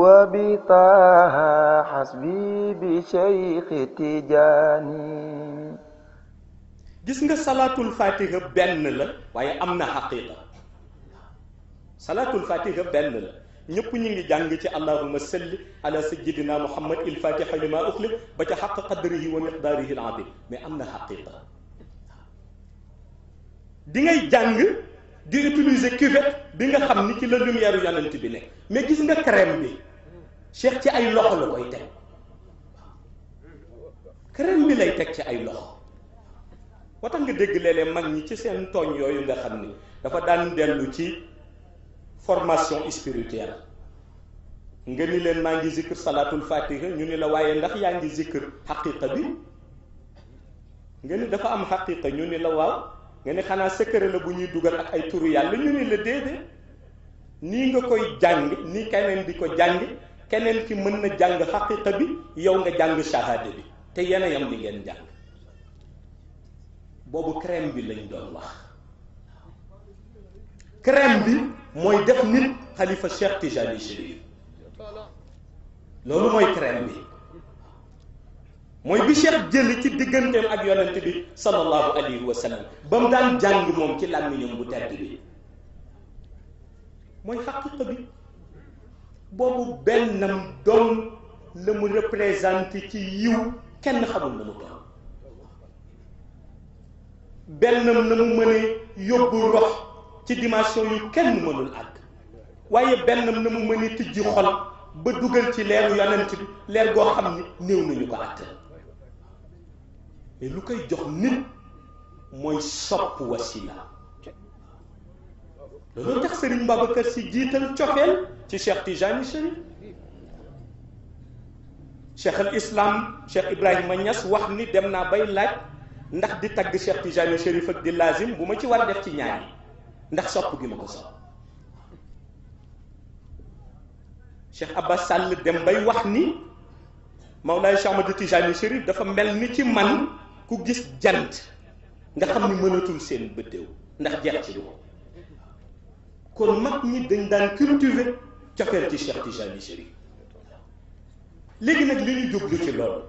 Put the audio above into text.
وبطاها حسبي بشيخ تجاني gis nga salaatul fatiha benn la waaye am na xaqiqa salaatul fatiha benn la ñëpp ñu ngi jàng ci allahuma salli ala sayyidina muhammad il fatiha lima uxliq ba ca xaq qadrihi wa miqdaarihi al azim mais am na xaqiqa di ngay jàng di utiliser cuvette bi nga xam ni ci la lumière u bi nekk mais gis nga crème bi Cheikh ci ay loxo la koy teg crème bi lay teg ci ay loxo moo tax nga dégg léeg mag ñi ci seen tooñ yooyu nga xam ni dafa daan dellu ci formation spirituelle nga ni leen maa ngi zikr salaatul fatiha ñu ni la waaye ndax yaa ngi zikr xaqiqa bi nga ni dafa am xaqiqa ñu ni la waaw nga ne xanaa secret la bu ñuy dugal ak ay turu yàlla ñu ne la déedéet nii nga koy jàng ni keneen di ko jàng keneen ki mën na jàng xaqiqa bi yow nga jàng shahada bi te yena yam di ngeen jàng boobu crème bi lañ doon wax crème bi mooy def nit xalifa Cheikh Tijani Chérif loolu mooy crème bi mooy bi Cheikh jëli ci digganteem ak yonent bi sallallahu alayhi wa sallam ba mu daan jàng moom ci làmmiñam bu tedd bi mooy xaqiqa bi boobu bennam doon la mu représenté ci yiw kenn xamul na mu doon bennam na mu mën a yóbbu rox ci dimension yu kenn mënul àgg waaye bennam na mu mën a tijji xol ba dugal ci leeru yonent bi leer goo xam ni néew nañu ko àttan lu koy jox nit mooy sopp wasila loolu tax Serigne Babacar si jiital cofeel ci Cheikh Tijani Chérif Cheikh al Islam Cheikh Ibrahima ñas wax ni dem naa bay laaj ndax di tagg Cheikh Tijani Chérif ak di lazim bu ma ci war def ci ñaari ndax sopp gi ma ko sopp Cheikh Abba Sall dem bay wax ni Mawlaay Cheikh Ahmadou Tijani Chérif dafa mel ni ci man ku gis jant nga xam ni mënatul seen bëddéew ndax jeex ci du ko kon mag ñi dañ daan cultiver cofeel ci Cheikh Tijani Chérif léegi nag li ñu jublu ci loolu